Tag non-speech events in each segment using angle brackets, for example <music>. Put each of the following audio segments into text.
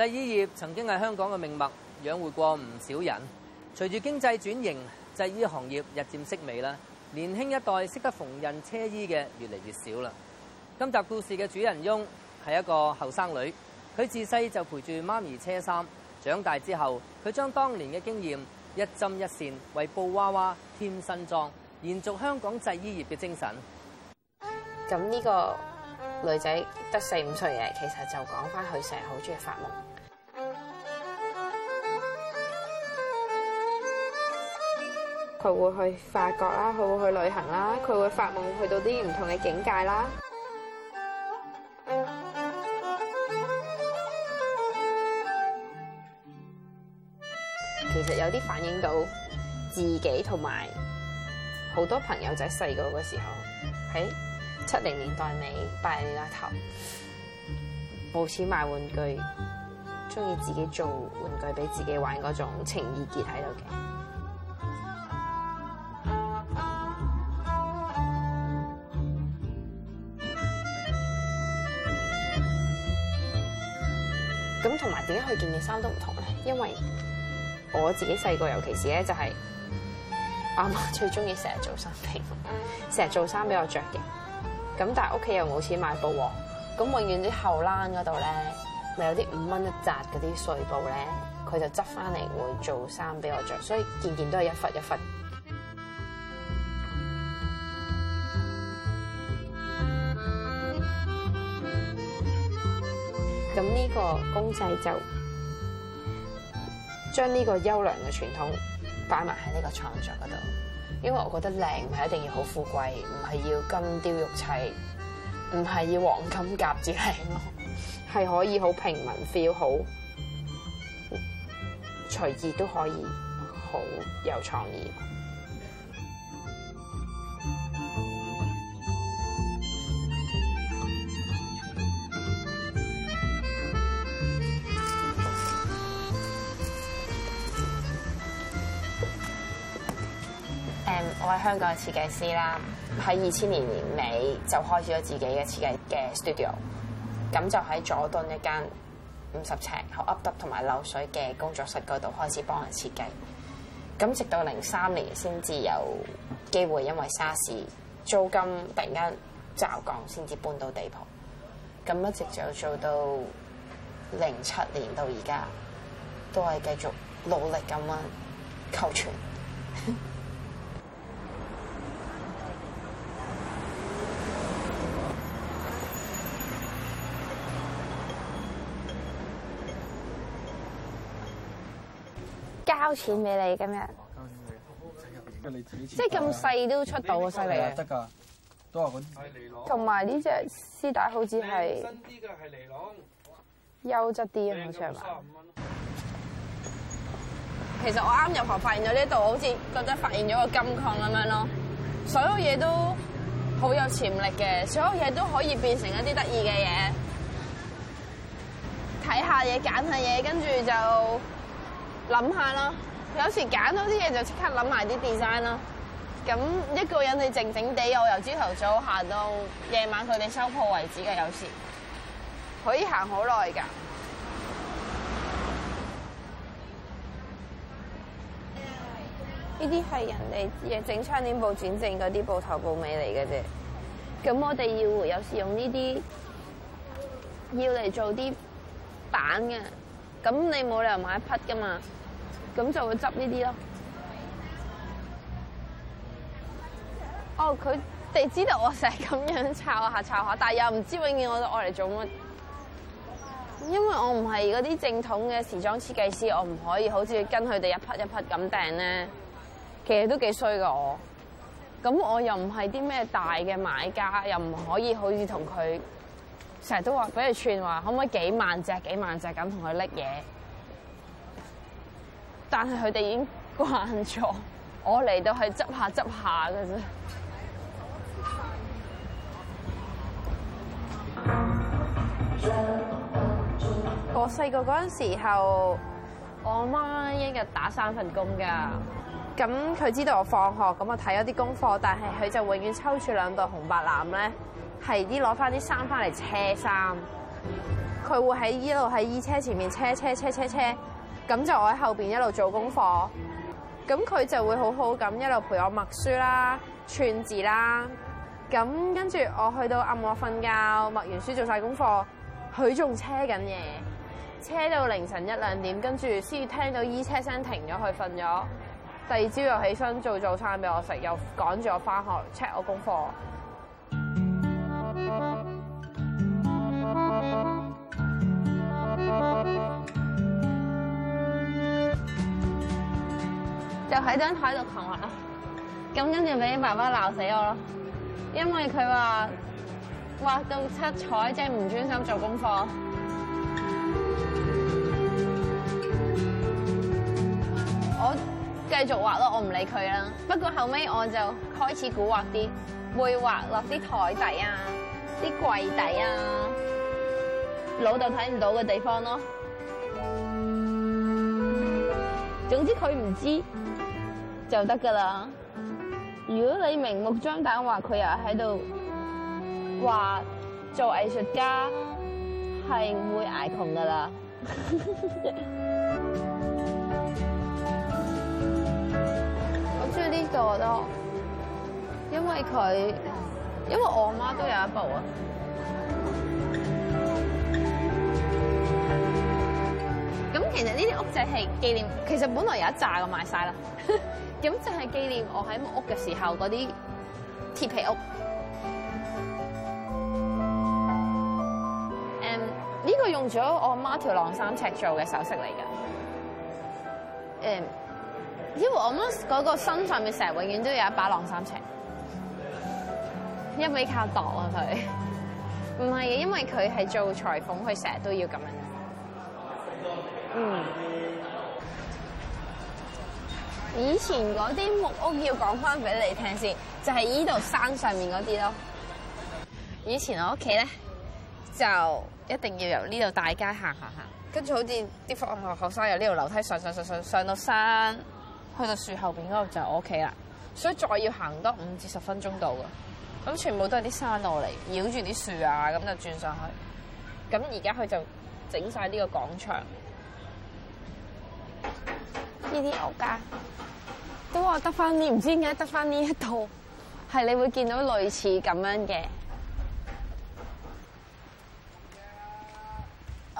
製衣業曾經係香港嘅命脈，養活過唔少人。隨住經濟轉型，製衣行業日漸式微啦。年輕一代識得縫紉車衣嘅越嚟越少啦。今集故事嘅主人翁係一個後生女，佢自細就陪住媽咪車衫。長大之後，佢將當年嘅經驗一針一線為布娃娃添新裝，延續香港製衣業嘅精神。咁呢個女仔得四五歲嘅，其實就講翻佢成日好中意發夢。佢會去法國啦，佢會去旅行啦，佢會發夢去到啲唔同嘅境界啦。其實有啲反映到自己同埋好多朋友仔細個嘅時候，喺七零年代尾，八零年代頭，冇錢買玩具，中意自己做玩具俾自己玩嗰種情意結喺度嘅。佢件件衫都唔同咧，因為我自己細個，尤其是咧就係阿媽最中意成日做衫俾成日做衫俾我着嘅。咁但係屋企又冇錢買布喎，咁永遠啲後欄嗰度咧，咪有啲五蚊一紮嗰啲碎布咧，佢就執翻嚟會做衫俾我着，所以件件都係一忽一忽。咁呢 <music> 個公仔就。將呢個優良嘅傳統擺埋喺呢個創作嗰度，因為我覺得靚唔係一定要好富貴，唔係要金雕玉砌，唔係要黃金甲至靚咯，係 <laughs> 可以好平民 feel 好，隨意都可以好有創意。誒，um, 我係香港嘅設計師啦，喺二千年年尾就開始咗自己嘅設計嘅 studio，咁就喺佐敦一間五十尺、好凹凸同埋漏水嘅工作室嗰度開始幫人設計，咁直到零三年先至有機會，因為沙士租金突然間驟降，先至搬到地鋪，咁一直就做到零七年到而家，都係繼續努力咁樣求存。 <laughs> 交錢俾你咁樣，啊、交錢俾你即係咁細都出到啊！犀利啊！得㗎，都係嗰啲。同埋呢隻絲帶好似係新啲嘅，係尼龍，優質啲啊，好似係嘛？其實我啱入行發現咗呢度，好似覺得發現咗個金礦咁樣咯。所有嘢都好有潛力嘅，所有嘢都可以變成一啲得意嘅嘢。睇下嘢，揀下嘢，跟住就。諗下咯，有時揀到啲嘢就即刻諗埋啲 design 咯。咁一個人你靜靜地，我由朝頭早行到夜晚佢哋收鋪為止嘅，有時可以行好耐噶。呢啲係人哋嘢整窗簾布轉正嗰啲布頭布尾嚟嘅啫。咁 <music> 我哋要有時用呢啲，要嚟做啲板嘅。咁你冇理由買一匹噶嘛？咁就會執呢啲咯。哦，佢哋知道我成日咁樣炒下炒下，但係又唔知永遠我都嚟做乜。因為我唔係嗰啲正統嘅時裝設計師，我唔可以好似跟佢哋一匹一匹咁訂咧。其實都幾衰㗎我。咁我又唔係啲咩大嘅買家，又唔可以好似同佢成日都話俾佢串話，可唔可以幾萬隻幾萬隻咁同佢拎嘢？但係佢哋已經慣咗，我嚟到係執下執下嘅啫。我細個嗰陣時候，我媽一日打三份工㗎。咁佢知道我放學，咁我睇咗啲功課，但係佢就永遠抽住兩袋紅白藍咧，係啲攞翻啲衫翻嚟車衫。佢會喺依度喺衣車前面車車車車車車。咁就我喺後邊一路做功課，咁佢就會好好咁一路陪我默書啦、串字啦，咁跟住我去到暗我瞓覺，默完書做晒功課，佢仲車緊嘢，車到凌晨一兩點，跟住先聽到衣車聲停咗，佢瞓咗，第二朝又起身做早餐俾我食，又趕住我翻學 check 我功課。 <music> 就喺張台度畫啦，咁跟住俾爸爸鬧死我咯，因為佢話畫到七彩，即係唔專心做功課。 <music> 我繼續畫咯，我唔理佢啦。不過後尾我就開始蠱惑啲，會畫落啲台底啊、啲櫃底啊，老豆睇唔到嘅地方咯。總之佢唔知。就得噶啦！如果你明目張膽話佢，又喺度話做藝術家係會捱窮噶啦。 <laughs> 我中意呢個咯，因為佢，因為我媽都有一部啊。咁 <music> 其實呢啲屋仔係紀念，其實本來有一紮嘅賣晒啦。 <laughs> 咁就係紀念我喺木屋嘅時候嗰啲鐵皮屋。誒、嗯，呢、呢個用咗我媽條晾衫尺做嘅首飾嚟㗎。誒、嗯，因為我媽嗰個身上面成日永遠都有一把晾衫尺， <laughs> 一味靠度啊佢。唔係嘅，因為佢係做裁縫，佢成日都要咁樣。嗯。以前嗰啲木屋要講翻俾你聽先，就係依度山上面嗰啲咯。以前我屋企咧，就一定要由呢度大街行行行，跟住好似啲放學學生由呢度樓梯上上上上上、上、上到山，去到樹後邊嗰度就我屋企啦。所以再要行多五至十分鐘到噶。咁全部都係啲山路嚟，繞住啲樹啊，咁就轉上去。咁而家佢就整晒呢個廣場。呢啲屋家、啊、都話得翻呢，唔知點解得翻呢一套，係你會見到類似咁樣嘅。Yeah.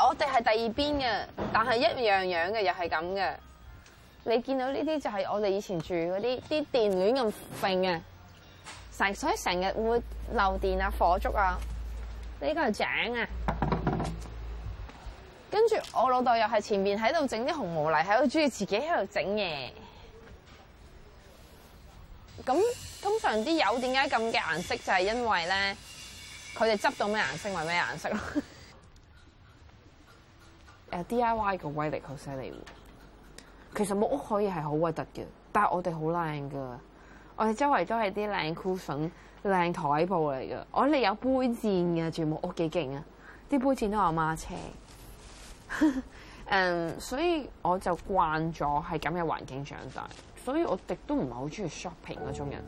我哋係第二邊嘅，但係一樣樣嘅，又係咁嘅。你見到呢啲就係我哋以前住嗰啲啲電暖咁饋啊，成所以成日會漏電啊、火燭啊。呢、呢個係井啊。跟住我老豆又係前面，喺度整啲紅毛泥，喺度中意自己喺度整嘢。咁通常啲油點解咁嘅顏色？就係、是、因為咧，佢哋執到咩顏色，咪咩顏色咯。誒、啊、DIY 嘅威力好犀利喎！其實木屋可以係好核突嘅，但係我哋好靚噶，我哋周圍都係啲靚 cushion、靚台布嚟噶。我哋有杯墊嘅，住木屋幾勁啊！啲杯墊都係我媽車。誒， <laughs> 所以我就慣咗係咁嘅環境長大，所以我亦都唔係好中意 shopping 嗰種人。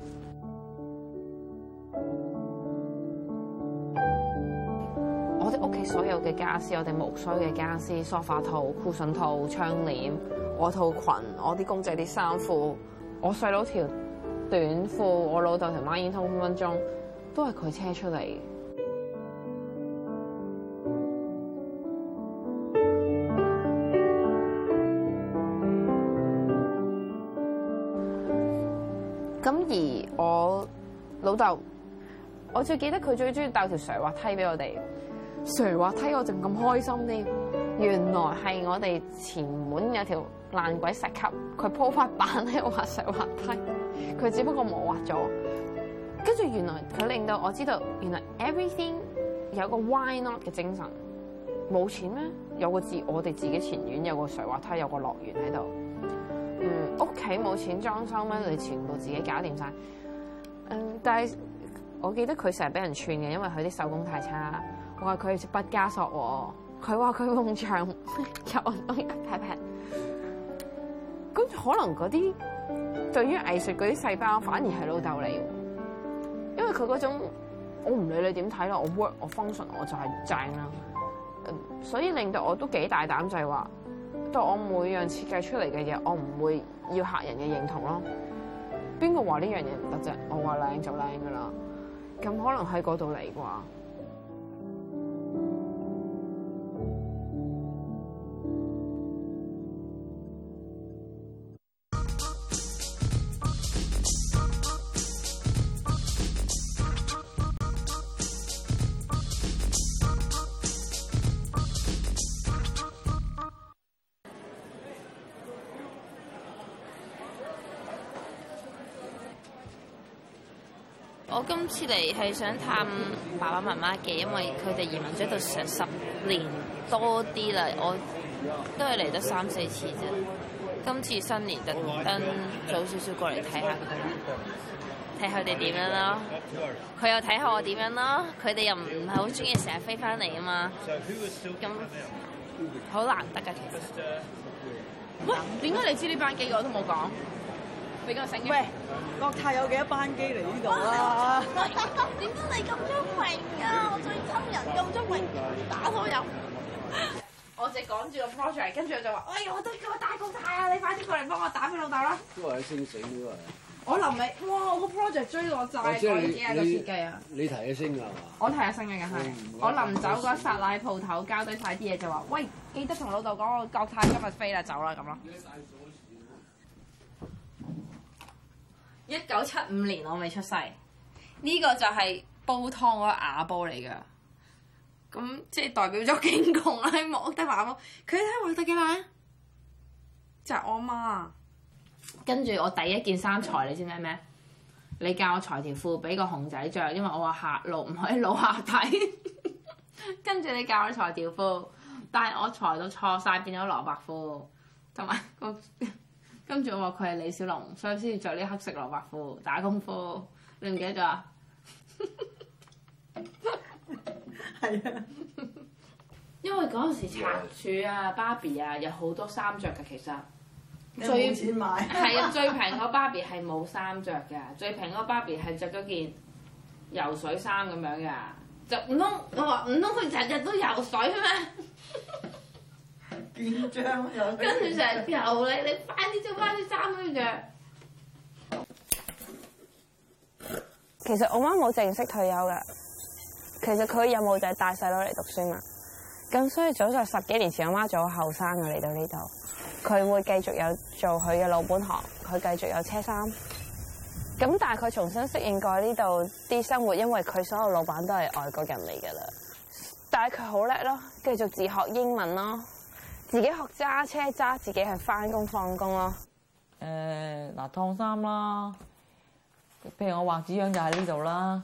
我哋屋企所有嘅家私，我哋屋所有嘅家私梳化套、cushion 套、窗簾、我套裙、我啲公仔啲衫褲、我細佬條短褲、我老豆條孖煙通分分鐘都係佢車出嚟。老豆，我最記得佢最中意帶條石滑，滑梯俾我哋。石滑，滑梯我仲咁開心添，原來係我哋前門有條爛鬼石級，佢鋪塊板喺度滑石滑梯，佢只不過磨滑咗。跟住原來佢令到我知道，原來 everything 有個 why not 嘅精神。冇錢咩？有個字，我哋自己前院有個石滑，滑梯，有個樂園喺度。嗯，屋企冇錢裝修咩？你全部自己搞掂晒。嗯、但係我記得佢成日俾人串嘅，因為佢啲手工太差。我話佢係畢加索喎，佢話佢用長又一撇，咁可能嗰啲對於藝術嗰啲細胞，反而係老豆嚟。因為佢嗰種，我唔理你點睇啦，我 work，我 function，我就係正啦。所以令到我都幾大膽，就係、是、話，對我每樣設計出嚟嘅嘢，我唔會要客人嘅認同咯。邊個話呢樣嘢唔得啫？我話靚就靚㗎喇，咁可能喺嗰度嚟啩。我今次嚟係想探爸爸媽媽嘅，因為佢哋移民咗到成十年多啲啦，我都係嚟得三四次啫。今次新年就特登早少少過嚟睇下佢哋，睇下佢哋點樣囉。佢又睇下我點樣囉。佢哋又唔係好中意成日飛返嚟啊嘛。咁好難得㗎，其實喂，點解你知呢班幾個都冇講？喂，國泰有幾多班機嚟呢度啊？點解你咁聰明啊？我最憎人咁聰明，嗯、打 <laughs> 我。有、哎。我就趕住個 project 跟住我就話：哎呀，我都叫我大國泰啊，你快啲過嚟幫我打俾老豆啦！都係啲升死、啊、我臨尾，哇！我個 project 追就我債，我而家個設計啊！你提起身㗎我提下起身㗎，係。嗯、我臨走嗰陣，薩拉鋪頭交低晒啲嘢就話：喂，記得同老豆講，國泰今日飛啦，走啦咁咯。一九七五年我未出世，呢個就係煲湯嗰個瓦煲嚟㗎。咁即係代表咗驚恐啊！莫德懷屋，佢睇莫得幾耐？就係、是、我媽跟住我第一件衫裁，你知唔知咩？你教我裁條褲俾個熊仔着，因為我話下路唔可以老下底。 <laughs> 跟住你教我裁條褲，但係我裁到錯晒，變咗蘿蔔褲，同埋個。 <laughs> 跟住我話佢係李小龍，所以先着呢黑色蘿蔔褲打功夫。你唔記得咗？係啊，因為嗰陣時拆柱啊、芭比啊有好多衫着嘅，其實。最冇錢買。係 <laughs> 啊，最平個芭比係冇衫着嘅，最平個芭比係著咗件游水衫咁樣嘅，就唔通我話唔通佢日日都游水咩？ <laughs> 跟住成又你，你快啲著翻啲衫先著。其實我媽冇正式退休㗎，其實佢有冇就係帶細佬嚟讀書嘛。咁所以早在十幾年前，我媽仲後生㗎嚟到呢度，佢會繼續有做佢嘅老本行，佢繼續有車衫。咁但係佢重新適應過呢度啲生活，因為佢所有老闆都係外國人嚟㗎啦。但係佢好叻咯，繼續自學英文咯。自己學揸車揸，自己係返工放工咯。誒、呃，嗱、呃，燙衫啦，譬如我畫紙樣就喺呢度啦。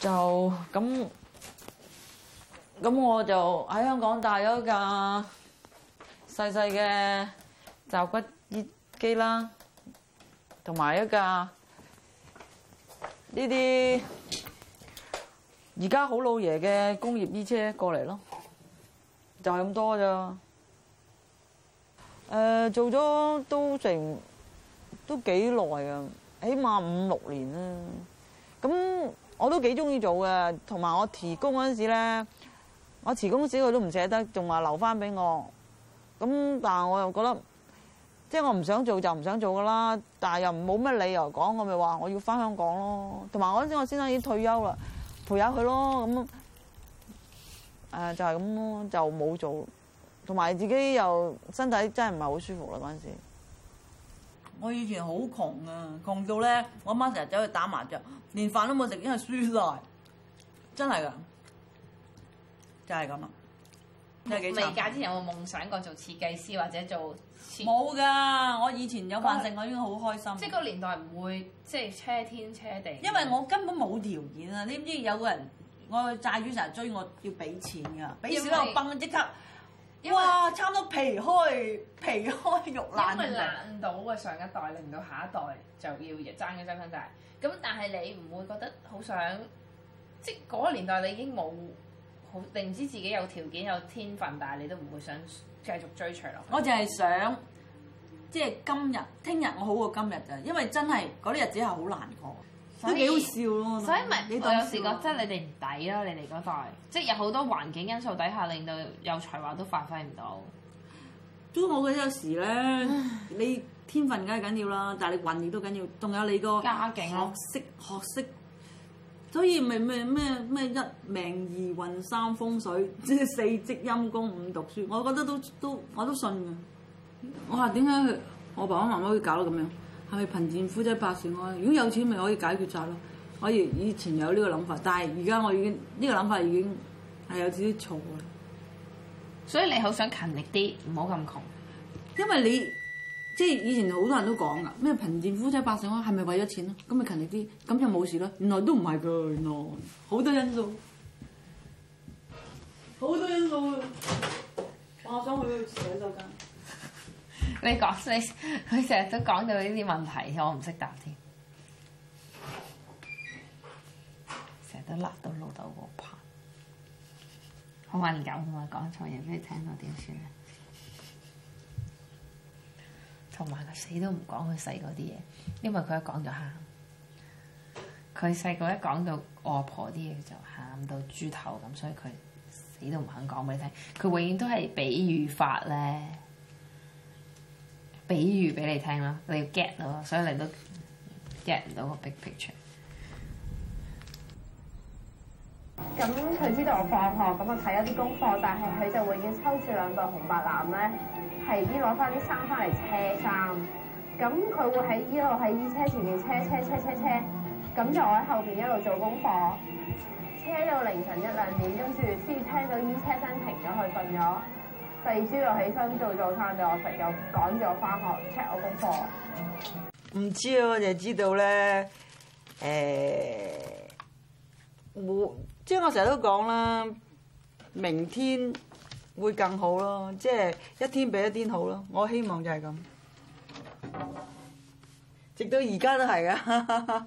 就咁咁，我就喺香港帶咗一架細細嘅鈒骨衣機啦，同埋一架呢啲而家好老爺嘅工業衣車過嚟咯。就係咁多咋？誒、呃、做咗都成都幾耐啊，起碼五六年啦。咁我都幾中意做嘅，同埋我辭工嗰陣時咧，我辭工嗰時佢都唔捨得，仲話留翻俾我。咁但係我又覺得，即係我唔想做就唔想做噶啦。但係又冇乜理由講，我咪話我要翻香港咯。同埋嗰陣時我先生已經退休啦，陪下佢咯咁。誒就係咁咯，就冇做，同埋自己又身體真係唔係好舒服啦嗰陣時。我以前好窮啊，窮到咧，我媽成日走去打麻雀，連飯都冇食，因為輸曬，真係噶，就係咁啊。未嫁之前有冇夢想過做設計師或者做？冇噶，我以前有飯食，的我已經好開心。即係嗰個年代唔會即係、就是、車天車地。因為我根本冇條件啊！你知唔知有個人？我債主成日追我要俾錢㗎，俾少又崩即刻，為哇！差唔多皮開皮開肉爛啊！難到啊，上一代令到下一代就要爭嗰張婚債，咁但係你唔會覺得好想，即係嗰、嗰個年代你已經冇，好定唔知自己有條件有天分，但係你都唔會想繼續追隨落去。我淨係想，即係今日、聽日，我好過今日就，因為真係嗰啲日子係好難過。都幾好笑咯！所以咪你我有時覺得 <noise> 你哋唔抵咯， <noise> 你哋嗰代，即係有好多環境因素底下令到有才華都發揮唔到。都冇嘅，有時咧， <laughs> 你天分梗係緊要啦，但係你運亦都緊要，仲有你個家境學識學識，學識。所以咪咩咩咩一命二運三風水四即四積陰功五讀書，我覺得都都我都信我話點解佢我爸爸媽媽會搞到咁樣？係咪貧賤夫妻百事安啊？如果有錢咪可以解決曬咯，可以以前有呢個諗法，但係而家我已經呢個諗法已經係有啲錯嘅。所以你好想勤力啲，唔好咁窮。因為你即係以前好多人都講㗎，咩貧賤夫妻百事安係咪為咗錢咯？咁咪勤力啲，咁就冇事咯。原來都唔係㗎，原來好多因素，好多因素我想我要錢就啱。你講你佢成日都講到呢啲問題，我唔識答添，成日都辣到老豆嗰邊。好敏感啊！講 <music> 錯嘢俾你聽到點算？同埋佢死都唔講佢細個啲嘢，因為佢一講就喊。佢細個一講到阿婆啲嘢就喊到豬頭咁，所以佢死都唔肯講俾你聽。佢永遠都係比喻法咧。比喻俾你聽啦，你要 get 到，所以你都 get 唔到個 big picture。咁佢知道我放學，咁我睇咗啲功課，但係佢就永遠抽住兩個紅白藍咧，係啲攞翻啲衫翻嚟車衫。咁佢會喺呢度喺衣車前面車車車車車，咁就我喺後邊一路做功課，車到凌晨一兩點，跟住先聽到衣車聲停咗，佢瞓咗。第二朝又起身做早餐俾我食，又趕住我翻學 check 我功課。唔知啊，我就知道咧，誒、欸，我即係我成日都講啦，明天會更好咯，即係一天比一天好咯。我希望就係咁，直到而家都係啊！哈哈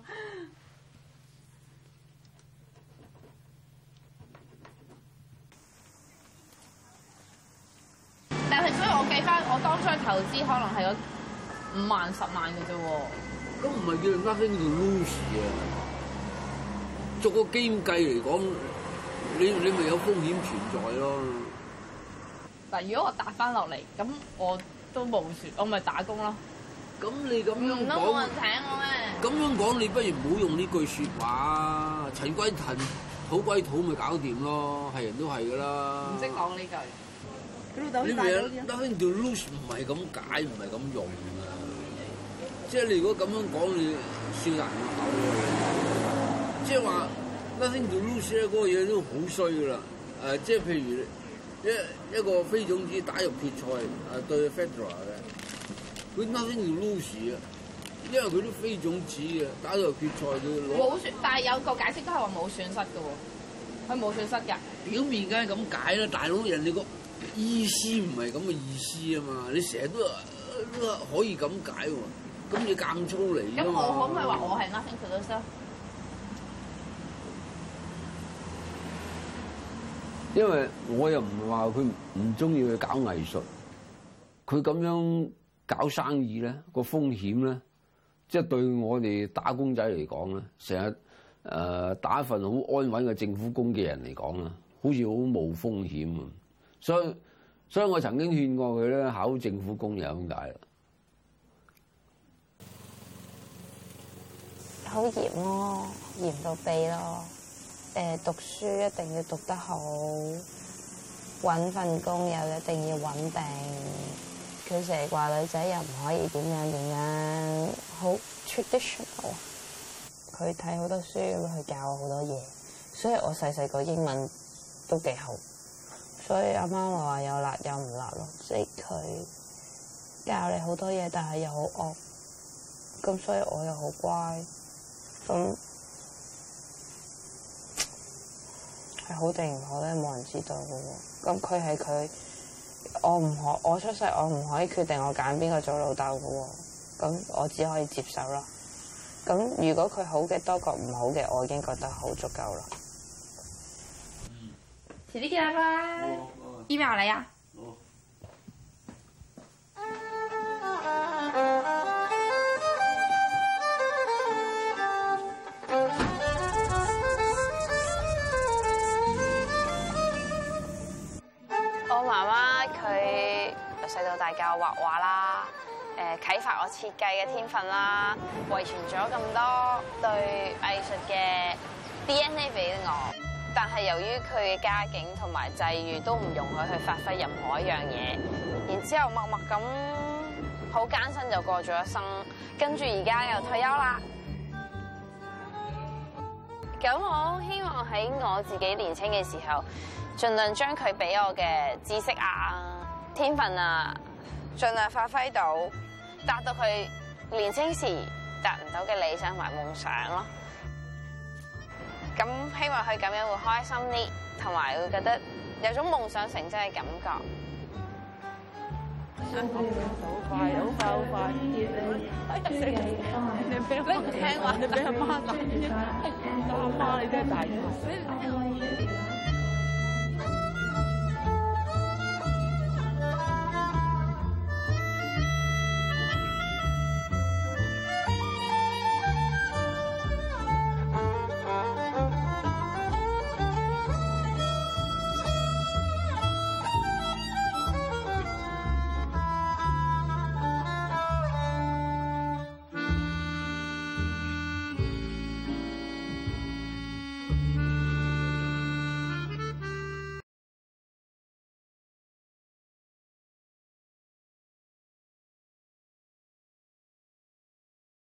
所以我計翻我當初投資可能係有五萬十萬嘅啫喎。咁唔係叫 nothing 叫 lose 啊！逐個經計嚟講，你你咪有風險存在咯。但如果我答翻落嚟，咁我都冇説，我咪打工咯。咁你咁樣講，唔通冇人請我咩？咁樣講，你不如唔好用呢句説話。塵歸塵，土歸土，咪搞掂咯。係人都係㗎啦。唔識講呢句。你明啊！Nothing to lose 唔係咁解，唔係咁用 lose, 啊！即係你如果咁樣講，你算難搞咯。即係話 Nothing to lose 嗰個嘢都好衰噶啦！誒，即係譬如一一個非種子打入決賽，誒、啊、對 Federer 嘅，佢 Nothing to lose 啊！因為佢都非種子嘅，打入決賽佢冇損，但係有個解釋都係話冇損失嘅喎，佢冇損失嘅。表面梗係咁解啦，大佬人哋個。意思唔係咁嘅意思啊嘛！你成日都，都可以咁解喎，咁你咁粗嚟㗎，咁我可唔可以話我係啱先錯咗先？因為我又唔係話佢唔中意去搞藝術，佢咁樣搞生意咧，個風險咧，即係對我哋打工仔嚟講咧，成日誒打一份好安穩嘅政府工嘅人嚟講咧，好似好冇風險啊！所以，所以我曾經勸過佢咧，考政府工又點解啦？好嚴咯，嚴到痹咯。誒，讀書一定要讀得好，揾份工又一定要揾定。佢成日話女仔又唔可以點樣點樣，好 traditional 啊！佢睇好多書，咁佢教我好多嘢，所以我細細個英文都幾好。所以阿媽咪話有辣有唔辣咯，即係佢教你好多嘢，但係又好惡，咁所以我又好乖，咁係好定唔好咧，冇人知道嘅喎。咁佢係佢，我唔可我出世，我唔可以決定我揀邊個做老豆嘅喎，咁我只可以接受啦。咁如果佢好嘅多過唔好嘅，我已經覺得好足夠啦。遲啲見啦。Email 咩啊？拜拜。我媽媽佢由細到大教我畫畫啦，誒啟發我設計嘅天分啦，遺傳咗咁多對藝術嘅 DNA 俾我。但係由於佢嘅家境同埋際遇都唔容許去發揮任何一樣嘢，然之後默默咁好艱辛就過咗一生，跟住而家又退休啦。咁我希望喺我自己年輕嘅時候，盡量將佢俾我嘅知識啊、天分啊，盡量發揮到，達到佢年輕時達唔到嘅理想同埋夢想咯、啊。咁希望佢咁樣會開心啲，同埋會覺得有種夢想成真嘅感覺。啊、你好快，好快，好快！哎呀你俾我聽話，你俾阿媽鬧，阿媽你真係大。